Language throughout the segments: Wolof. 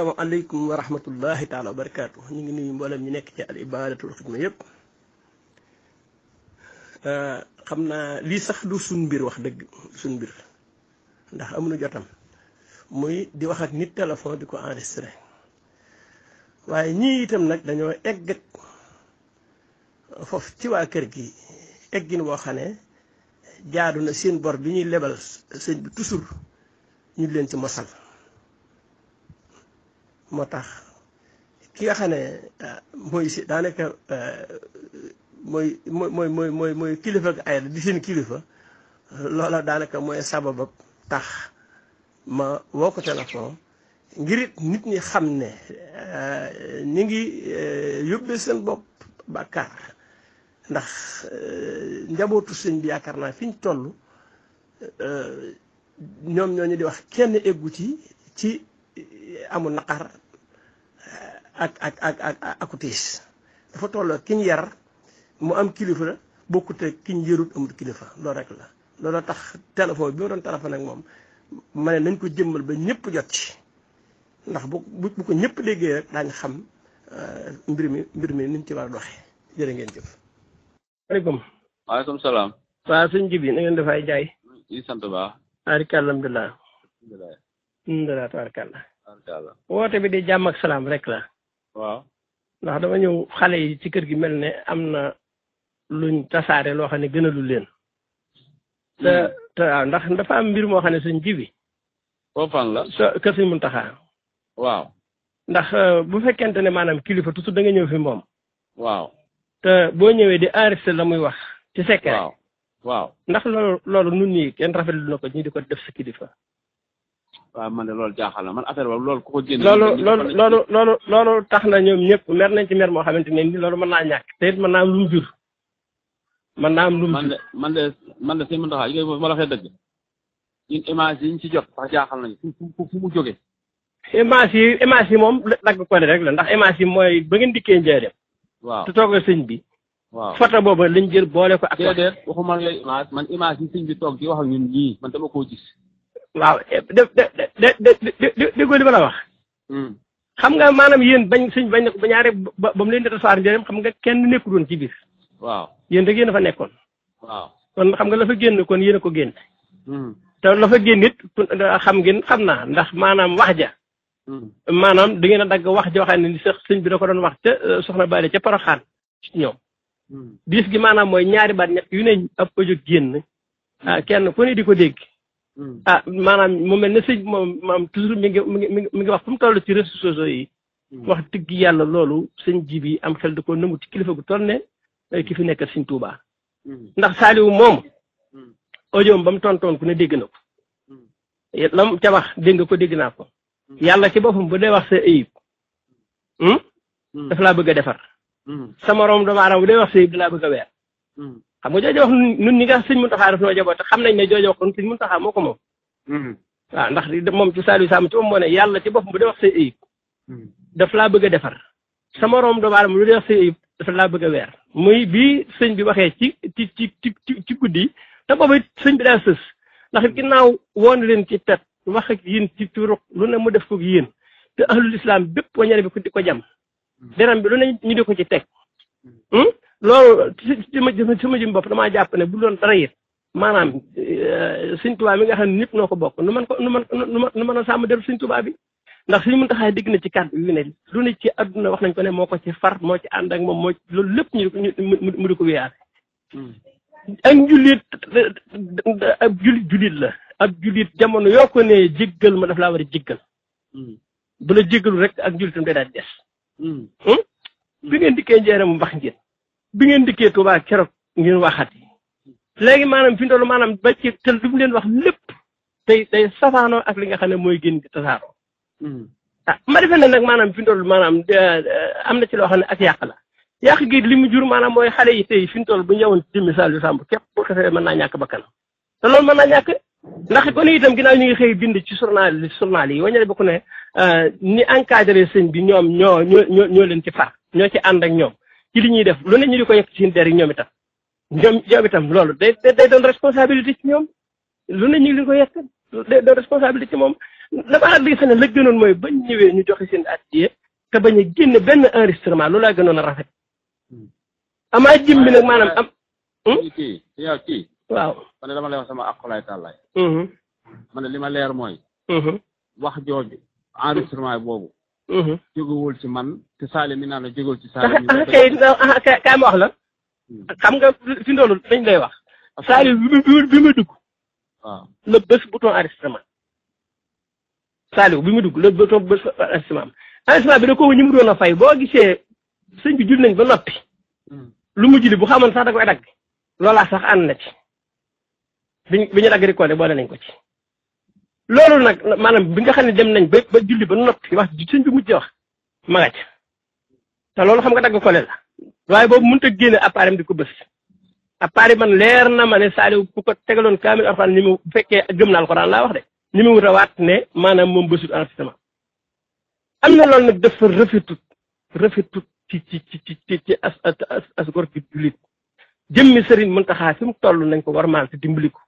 asalaamaaleykum wa rahmatullahi taala wa barakaatu ñu ngi nuyu mboolem ñu nekk ci al ibadatul xidma yëpp euh, xam naa lii sax du suñ mbir wax dëgg suñ mbir ndax amuñu jotam muy di wax ak nit téléphone di ko enregistré waaye ñii itam nag dañoo egg foofu ci waa kër gi eggin boo xam ne jaadu na seen bor bi ñuy lebal sëñ bi ñu leen ci mosal. moo tax ki nga xam ne ah, mooy si daanaka ah, mooy mooy mooy mooy mooy kilifa ak ay di seen kilifa loola daanaka mooy sababab tax ma woo ko ngir nit ñi xam ne ah, ñi ngi eh, yóbbee seen bopp bàkkaar ndax eh, njabootu sëñ bi yaakaar naa fi ñu toll eh, ñoom ñoo ñu di wax kenn eggu ci ci. amul naqar ak ak ak ak aku tiis ki yar mu am kilifa la bokkut ak ki ñu yarut amul kilifa loolu rek la loolu tax téléphone bi ma doon téléphone ak moom ma ne nañ ko jëmmal ba ñëpp jot ci ndax bu bu ko ñëpp déggee rek daañu xam euh, mbir mi mbir mi niñ ci war a doxee ngeen jëf. maaleykum. waaleykum salaam. waaw sëñ ji ngeen dafay jaay. sant baax. alhamdulilah. alhamdulilah. alhamdulilah tabaarkalla woote bi di jàmm ak salaam rek la. waaw ndax dama ñëw xale yi ci kër gi mel ne am na luñ tasaare loo xam ne gënalul leen. Hmm. te waaw ndax dafa am mbir moo xam ne suñ ji bi. foofu fan waaw ndax euh, bu fekkente ne maanaam kilifa toujours da nga ñëw fi moom. waaw te boo ñëwee di enregistré la muy wax. ci secret waaw waaw ndax loolu loolu nun ñii kenn rafetlu na ko ñi di ko def sa kilifa. waaw man de loolu jaaxal na man affaire boobu loolu ko génne. loolu loolu loolu loolu loolu tax na ñoom ñëpp mer nañ ci mer moo xamante ne ni loolu mën naa ñàkk. te it mën am lu mu man de man de sëñ Mountakha ma la waxee dëgg ci jot sax jaaxal nañu fu yi moom dagg ko rek la ndax image yi mooy ba ngeen dikkee njëriñ. waaw te bi. waaw photo boobu lañ jël boole ko ak. déedéet gis waaw dé dé dé déggoo li ma la wax. Hmm. xam nga maanaam yéen bañ suñ bañ ba ñaare ba ba mu leen di tasaar njëriñ xam nga kenn nekkul woon ci biir. waaw yéen rek yéen a fa nekkoon. waaw kon xam nga la fa génn kon yéen a ko génn. Hmm. te la fa génn it xam ngeen xam naa ndax maanaam wax ja. Hmm. maanaam da ngeen a dagg wax joo xam ne ni sax sëñ bi da ko doon wax ca euh, soxna Bale ca Poroxaan ci ñoom. diis gi maanaam mooy ñaari baat ñett yu ne ab ko jóg génn. ah kenn ku ne di ko dégg. Hmm. ah maanaam mu mel ne sëñ moom toujours mi ngi mi ngi mi ngi wax fu mu toll ci réseaux sociaux yi. Hmm. wax dëgg yàlla loolu sëñ ji bi am xel da ko nangu ci kilifa gu toll ne ki fi nekkal sëñ Tuubaa. Hmm. ndax Saaliwu moom. audio ba mu tontoon ku ne dégg na ko. la mu ca wax nga ko dégg naa ko. yàlla ci boppam bu dee wax sa ayib. daf laa bëgg a defar. sama moroom doomu aadama bu dee wax sa ayib da laa a weer. xam nga jooju wax nun ñi nga sëñ Muntaxa daf noo jaboote xam nañ ne jooju wax kon sëñ Muntaxa moo ko moom mm-hmm. waaw ndax moom ci Saliou Samb ci moom moo yàlla ci bopp bu dee wax mm-hmm. daf laa bëgg a defar sa moroom doomu aadama lu dee laa bëgg a weer muy bi sëñ bi waxee ci ci ci ci guddi te boobu it bi daa sës ndax ginnaaw woon leen ci pet wax ak yéen ci turuq lu ne mu def ko yéen te ahlul islam bépp waññeer bi ku di ko jam mm-hmm. deram bi lu ne ñu di ko ci teg hmm? loolu ci ma ci ma jëm bopp damaa jàpp ne bu doon dara it maanaam euh, sëñ Tuubaa mi nga xam ne ñëpp noo ko bokk nu man ko nu man nu mën a sàmm deru sëñ Tuubaa bi ndax suñu muntaxaa digg na ci kàddu yu ne lu ne ci àdduna wax nañ ko ne moo ko ci far moo ci ànd ak moom moo loolu lépp ñu mu di ko wéyaale hmm. ak jullit ab jullit jullit la ab jullit jamono yoo ko ne jéggal ma daf laa war a jéggal hmm. bu la jéggalu rek ak njullitam day daal des bi hmm. ngeen dikkee njeere mu mbax ngeen bi ngeen dikkee Touba keroog ngeen waxati léegi maanaam fi ndoolu maanaam ba ci te lu leen wax lépp day day safaanoo ak li nga xam ne mooy génn di tasaaroo hmm. ah ma defee ne nag maanaam fi ndoolu maanaam am na ci loo xam ne ak yàq la yàq gi li mu jur maanaam mooy xale yi tey fi ñu toll bu ñu yewoon ci misaal yu sàmb képp bu xasee mën naa ñàkk bakkan te loolu mën naa ñàkk ndax gone itam ginnaaw ñu ngi xëy bind ci journal journal yi wañale ba ku ni encadré sëñ bi ñoom ñoo ñoo ñoo leen ci far ñoo ci ànd ak ñoom ci li ñuy def lu ne ñu di ko yekk seen der yi ñoom itam ñoom ñoom itam loolu day day doon responsabilité ci ñoom lu ne ñu ngi ko yekk day doon responsabilité moom damaa la gënoon mooy ba ñëwee ñu joxe seen addiya te bañ a génne benn enregistrement loolu laa gënoon a rafet. Hmm. amaa jim bi nag am. Hmm? waaw man dama lay wax sama akulaay tàllaay. Hmm. man de li ma leer mooy. wax jooju enregistrement boobu. Mm-hmm. jógewul ci man te saale mi naa la jógewul ci saale mi ah, ah, ah, kay kay wax la hmm. xam nga fi ndoolu dañ lay wax saale bi bi dugg waaw la bés bouton enregistrement Saliou bi mu dugg la bouton bi da ko ñu mu a fay boo gisee sëñ bi jul nañ ba hmm. lu mujj li bu xamoon sax da koy dagg loolaa sax ànd na ci bi dagg récolté boole nañ ko ci loolu nag maanaam bi nga xam ne dem nañ ba ba julli ba noppi wax sëñ bi mujj wax ma nga ca te loolu xam nga dagg kole waaye boobu mënut a génne appareil di ko bës appareil man leer na ma ne Saliou bu ko tegaloon kaamil alxuraan ni mu bu fekkee gëm naa alxuraan laa wax de ni mu wut a waat ne maanaam moom bësut enregistrement am na loolu nag dafa rafetut rafetut ci ci ci ci ci as as as gor gi jullit jëmmi sëriñ Muntaxa mu toll nañ ko war maal te dimbali ko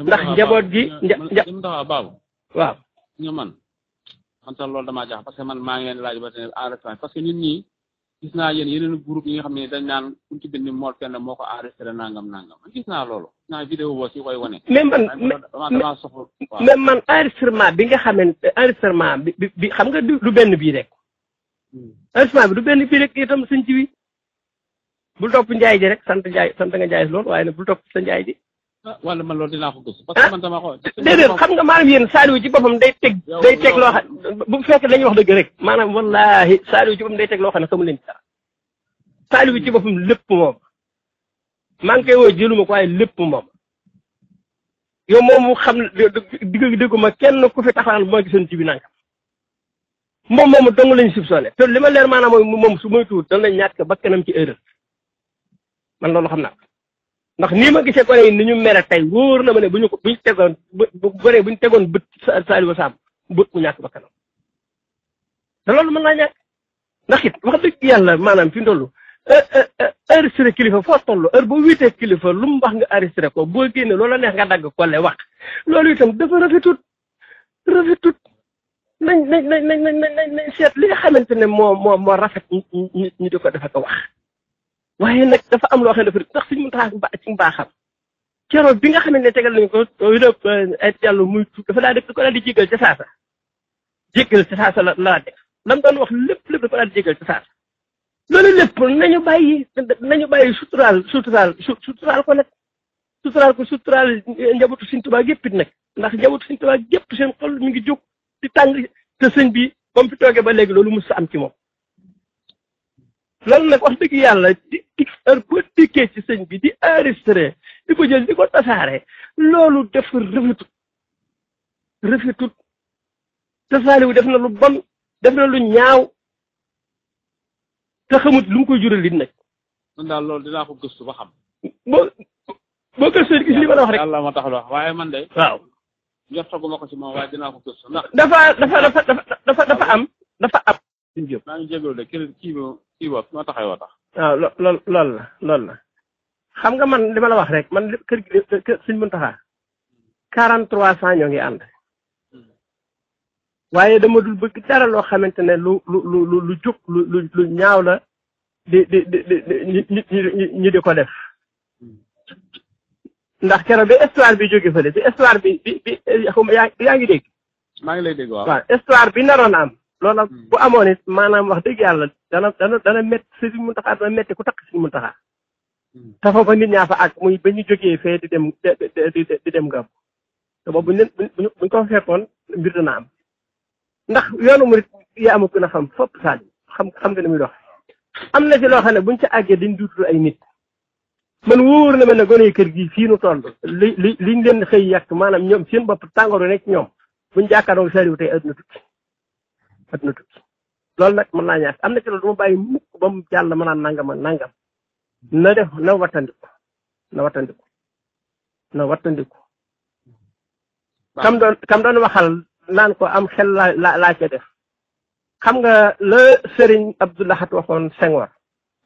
ndax njaboot gi nja jëm taxaw baabu waaw nga man man jax parce que man maa ngeen leen laaj ba tey parce que ñun ñii gis naa yéen yeneen groupe yi nga xam ne dañ naan ku ci bind mool kenn moo ko enregistré nangam nangam gis naa loolu gis naa vidéo boo si koy wane mais bi nga xamante enregistrement bi bi xam nga du benn bii rek hmm. enregistrement bi du benn bii rek itam suñ ci wi bul topp njaay ji rek sant njaay sant nga njaay loolu waaye ne bul topp sa njaay ji ah wala man loolu dinaa ko gëstu parce ah, déedéet xam nga maanaam yéen Saliou ci boppam day teg. day teg loo bu fekkee dañuy wax dëgg rek. maanaam wallaahi Saliou ci boppam day teg loo xam ne xamu leen ci dara. Saliou ci boppam lépp moom maa ngi koy woo jëluma ko waaye lépp moom yow moom mu xam digg dégguma kenn ku fi taxawal moo ma ci bi nangam. moom moomu dong lañ soupçonné te li ma leer maanaam mooy moom su moytuwul danañ ñàkk bakkanam ci erreur man loolu xam naa ndax ni ma gisee gone ni ñu mere tey wóor na ma ne bu ñu ko bu tegoon bu gone bu ñu tegoon bët Saliou Samb bët ku ñàkk ba kanam te loolu mën naa ñàkk ndax wax dëgg yàlla maanaam fi mu toll arrêté e, e, e, kilifa foo toll heure boo wiitee kilifa lu mu wax nga arrêté ko boo génne loola neex nga dagg kolle wax loolu itam dafa rafetut rafetut nañ nañ nañ nañ nañ nañ seet li nga xamante ne moo moo moo rafet ñu ñu di ko defe ko wax waaye nag dafa am loo xam ndax suñu mëntaxaa ba ci mbaaxam keroog bi nga xam ne tegal nañu ko yëpp eh, ay yàlla muy tuub dafa daal def da ko daal di jégal ca saasa jégal ca saasa la la def lam doon wax lépp lépp dafa daal di jégal ca saasa loolu lépp nañu bàyyi nañu bàyyi suturaal suturaal suturaal ko nag suturaal ko suturaal njabootu Sëñ Tuubaa gépp it nag ndax njabootu Sëñ Tuubaa gépp seen xol mi ngi jóg di tàng te bi ba mu fi toogee ba léegi loolu mos sa am ci moom loolu nag wax dëgg yàlla heure boo dikkee ci sëñ bi di enregistré di ko jël ko tasaare loolu def rafetut rafetut tasaare wu def na lu bon def na lu ñaaw te xamut lu mu koy jural it nag. daal loolu dinaa ko gëstu ba xam. boo boo gëstu gis li ma la wax rek. waaye man de. waaw. njortaguma ko ci moom waaye dafa dafa dafa dafa dafa am dafa am. maa ngi jégalu de kii kii ma taxawoo tax. waaw lo lool loolu la loolu la xam nga man li ma la wax rek man kër gi suñ mën taxaa quarante trois cent yoo ngi ànd waaye dama dul bëgg dara loo xamante ne lu lu lu lu ñaaw la di di di di ñi di ko def ndax keroog bi histoire bi jóge fële bi histoire bi bi bi yaa ngi dégg lay dégg waaw histoire bi naroon am loola hmm. bu amoon it maanaam wax dëgg yàlla dana dana dana métti Serigne Mountakha dana métti ku takk Serigne Mountakha hmm. te foofa nit ñaa fa ak muy ba ñu jógee fee di dem di dem gàmm te boobu buñ buñ buñ ko fekkoon mbir dana am ndax yoonu murit yaa am gën a xam fopp Sadio xam xam nga ni muy dox am na ci loo xam ne buñ ci àggee dañ duutul ay nit man wóor na ma ne gone kër gi fii nu toll li li liñ leen xëy yàq maanaam ñoom seen bopp tàngooru rek ñoom buñ jàkkaarloo Sadio tey adduna tukki adduna tukki. loolu nag mën naa ñaar am na ci loolu du ma bàyyi mukk ba mu jàll ma naan nangam ak nangam na def na wattandiku na wattandiku na wattandiku kam doon kam doon waxal naan ko am xel laa la laa ca def xam nga la sëriñ Abdou Lahad waxoon Senghor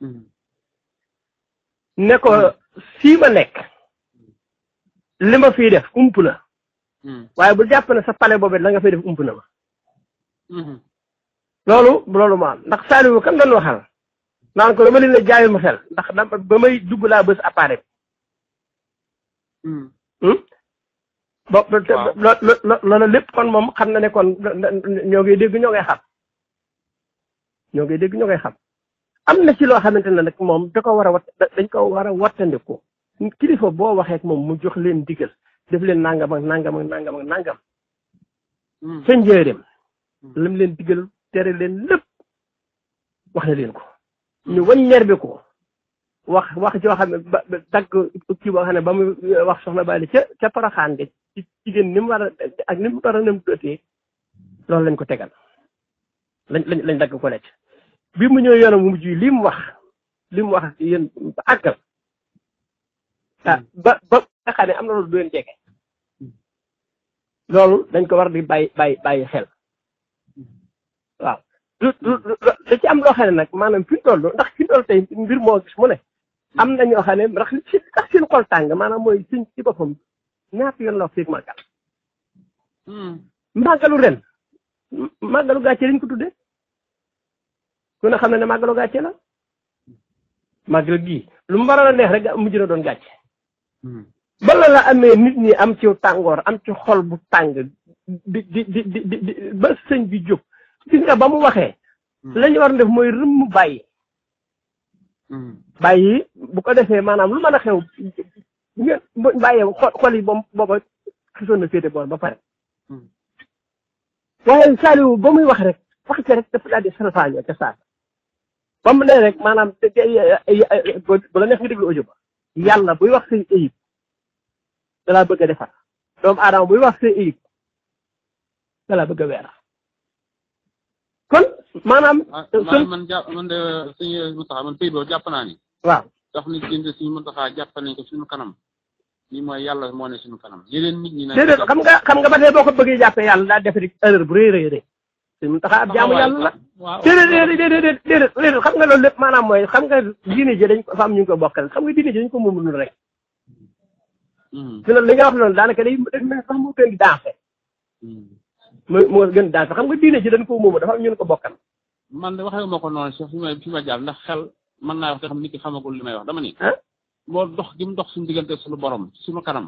hmm. ne ko sii hmm. ma nekk def ump la hmm. waaye bu jàpp ne sa pale boobee la nga def ump ma loolu loolu moo am ndax Saliou kan lañu waxal naan ko dama leen ne jaayul ma xel ndax ba may dugg laa bës appareil bi. Hmm. Hmm? bo loolu lépp kon moom xam na ne kon ñoo ngi dégg ñoo ngay xam ñoo ngi dégg ñoo ngay xam am na ci loo xamante ne nag moom da ko war a wat dañ ko war a wattandiku kilifa boo waxee moom mu jox leen digal def leen nangam ak nangam ak nangam ak nangam. Hmm. leen digal tere leen lépp wax na leen ko ñu wàññeer bi ko wax wax joo xam ba tàgg kii boo xam ne ba mu euh, wax soxna Bali ca ca ci jigéen ni war a ak war a nem dotee loolu lañ ko tegal lañ lañ lañ ko lecc bi mu ñëw yoonam mu mujj li mu wax li wax yéen ba àggal hmm. ah, hmm. war di bàyyi bàyyi xel waaw lu lu da ci am loo xam ne nag maanaam fi am na ñoo tàng maanaam mooy ci boppam ñaata yoon la wax hmm. lañ ko tuddee xam ne ne màggalu gàcce la màggal mu waroon doon gàcce hmm. ñi am ci tàngoor am bu tàng di ba sëñ bi jóg gis nga ba mu waxee. Hmm. la war def mooy rëmm bàyyi. Hmm. bàyyi bu ko defee maanaam lu mën a xew ngeen bàyyee xol yi boobu booba xisoon na féete boor ba pare. Hmm. waaye Saliou ba muy wax rek wax ca rek dafa daal la neex buy wax say ayib da laa defar doomu aadama buy wax say ayib da laa bëgg kon maanaam. maanaam man jàpp man de suñu Mountakha jàpp naa waaw daf ni jënd suñu nañ ko suñu kanam lii mooy yàlla moo ne suñu kanam yeneen nit ñi. déedéet xam nga xam nga ba tey boo ko bëggee jàppee yàlla daa def bu rëy rëy rëy. suñu Mountakha ab jaamu yàlla la. waaw déedéet déedéet déedéet déedéet xam nga loolu maanaam mooy xam nga diine ji dañ ko fa am ñu ko bokkal xam nga diine ji dañ ko moomul rek. Hmm. fi loolu li nga moo gën daal sax xam nga diine ji dañ koo moomu dafa am ñun ko bokkal. man ma ko noonu ma fi ma jaar ndax xel man naa wax te xam nit ki xamagul li may wax dama ni. Ah? moo dox gi mu dox suñu diggante suñu borom suñu kanam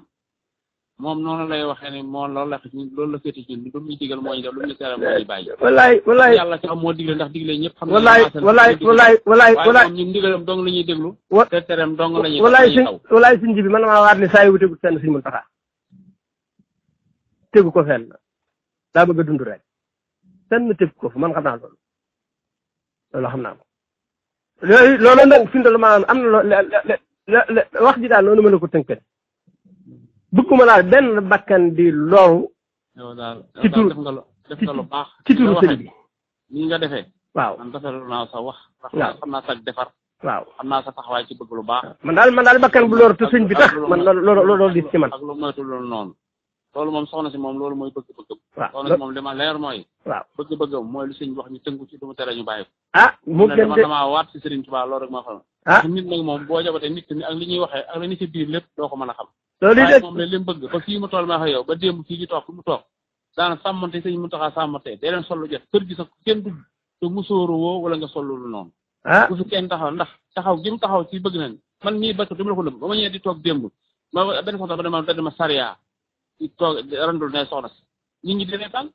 moom noonu lay waxee ni moo loolu la loolu la féete ci ñun lu muy digal moo ñu def lu muy tere moo bàyyi. wallaay wallaay yàlla ci am moo digle ñëpp. xam nañ ne wallaay wallaay wallaay wallaay ñun ndigalam la ñuy déglu. wa te tereem dong la ñuy. wallaay suñ wallaay suñ ji bi man maa waat ne saa yu tegul fenn suñ mun taxaa tegu ko fenn daa bëgg a dund rek fenn tëb ko fa man xam naa loolu loolu xam naa ko yooyu loolu wax ji daal noonu ma la ko tënkee bëgguma benn bakkan di loru. ci tur lu baax. ci turu sëñ bi waaw man wax. waaw xam naa sa defar. naa sa taxawaay ci baax. man daal man daal bakkan bu loru te sëñ bi tax man loolu loolu di ci loolu moom soxna si moom loolu mooy bëgg-bëggam. waaw soxna moom mooy. waaw bëgg lu sëñ wax ñu tënku ci du mu tere ñu bàyyi ko. ah mu gën dama waat si Serigne Touba loolu rek maa xam. Ah. moom boo jabatee nit ñu si biir lépp doo ko mën a xam. loolu lépp moom li mu bëgg ba fii mu toll maa xam yow ba démb fii ñu toog fi mu toog daanaka sàmmante sëñ mu taxaa sàmmante day leen sol lu kër gi sax kenn dugg te mu sóoru woo nga sol lu noonu. ah bu fi kenn taxaw ndax taxaw gi mu taxaw ci bëgg nañ man mii ba ko dama la ko lëm ba ma ñëwee di toog démb ma ba dama toog randul ne soxna si nit ñi dina tal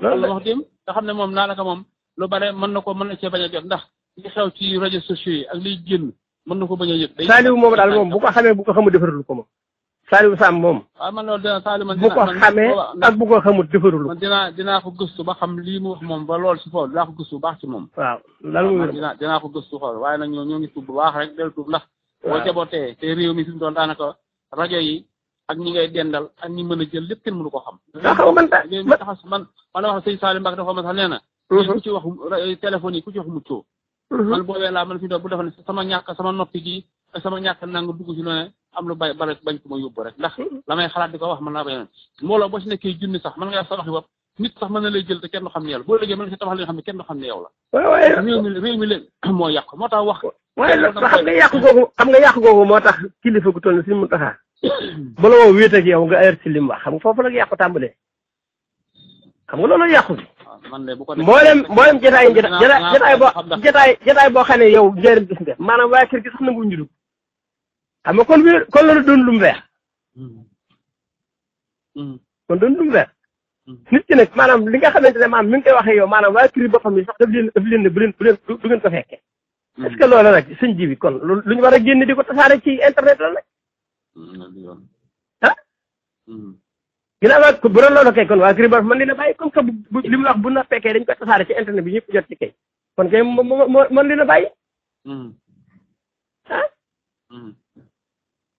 la wax démb nga xam ne moom daanaka moom lu bare mën na ko mën na cee bañ a jot ndax li xew ci rajo sociaux yi ak liy génn mën na ko bañ a yëg moom daal moom bu ko xamee bu a xamul defarul ko moom Saliou Samb moom waaw man loolu dina Saliou man bu ko xamee ak bu ko xamul defarul man dinaa dinaa ko gëstu ba xam lii mu wax moom ba lool si foofu dinaa ko baax ci moom waaw lan mu dinaa dinaa ko gëstu xool waaye na ñoo ñoo ngi tuub bu baax rek del tuub ndax boo jabootee te réew mi ak ñi ngay dendal ak ñi mën a jël lépp kenn mënu ko xam. waaw a tax man man a sëñ Salim Mbacke dafa ma sax nee na. Mhm. ku ci wax téléphone a ku ci wax muccoo. Mhm. man boobee laa man fi doon bu defoon sama ñàkk sama noppi gi ak sama ñàkk nangu dugg ci noonu am lu bay bala bañ ko ma yóbbu rek ndax mhm. la may ko moo tax wax. waaye xam moo tax kilifa gu toll si mu taxaa ba la woo wéet ak yow nga ayer ci lim wax xam nga foofu nag yàqu tàmbalee xam nga loolu yàqu ah, bi mboolem mboolem jataay boo jataay jataay boo xam ne yow njëriñ gis nga maanaam nga kon wéer kon loolu doon lum weer mm-hmm. mm-hmm. kon doon lum weer mm-hmm. nit ki nag maanaam li nga xamante ne maanaam mi ngi waxee yow maanaam waa kër boppam sax daf leen daf leen ne bu leen bu leen du ngeen ko fekkee est ce que loolu nag sëñ ji bi kon lu ñu war a génn di ko tasaare ci internet la ah hmm. ginnaaw waa bu doon loolu kay kon waa Gribaud mën dina bàyyi comme que bu li wax bu na fekkee dañ koy tasaare ci internet bi ñëpp jot ci kay kon kay mën dina bàyyi ah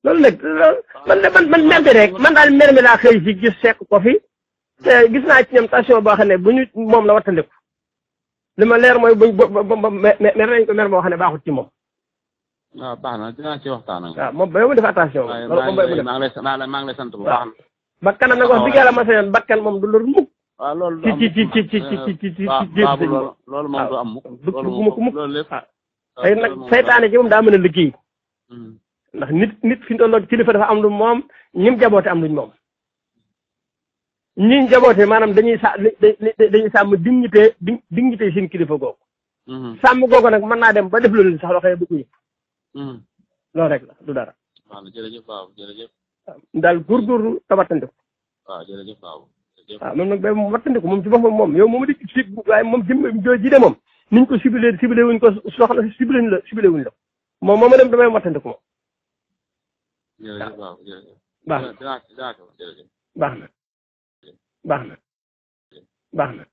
loolu nag loolu man de man man mer bi rek man daal mer mi xëy fi gis fekk ko fi te gis naa ci ñoom tension boo xam ne bu ñu moom la wattandiku li a leer mooy buñ bo mer nañ ko mer moo xam ne baaxut ci moom waaw moom ba yow mi def attention. moom béy maa ngi lay maa ngi lay sant bu baax. nag wax dëgg yàlla ma sañoon bakkan moom du lor mukk. waaw loolu du am ci ci ci ci ci ci ci ci. waaw loolu moom du am mukk. loolu moom loolu lépp tey nag saytaane ci moom daa mën a liggéey. ndax nit nit fi ñu toll kilifa dafa am lu moom ñim jaboote am luñ moom. ñi jaboote maanaam dañuy sa dañuy sàmm dignité dignité seen kilifa googu. sàmm googu nag mën naa dem ba def loolu sax loo xam Hmm. loolu rek la du dara. waaw jërëjëf ah, waaw jërëjëf. daal góorgóorlu tabatandiku. waaw jërëjëf waaw. Ah, waaw moom nag béy moom wattandiku moom ci boppam moom yow moom di ci waaye moom jëm ji de moom niñ ko ciblé ciblé wuñ ko soxla ciblé wuñ la wuñ la moom moom ma dem damay wattandiku moom. jërëjëf waaw jërëjëf. baax na baax na baax na baax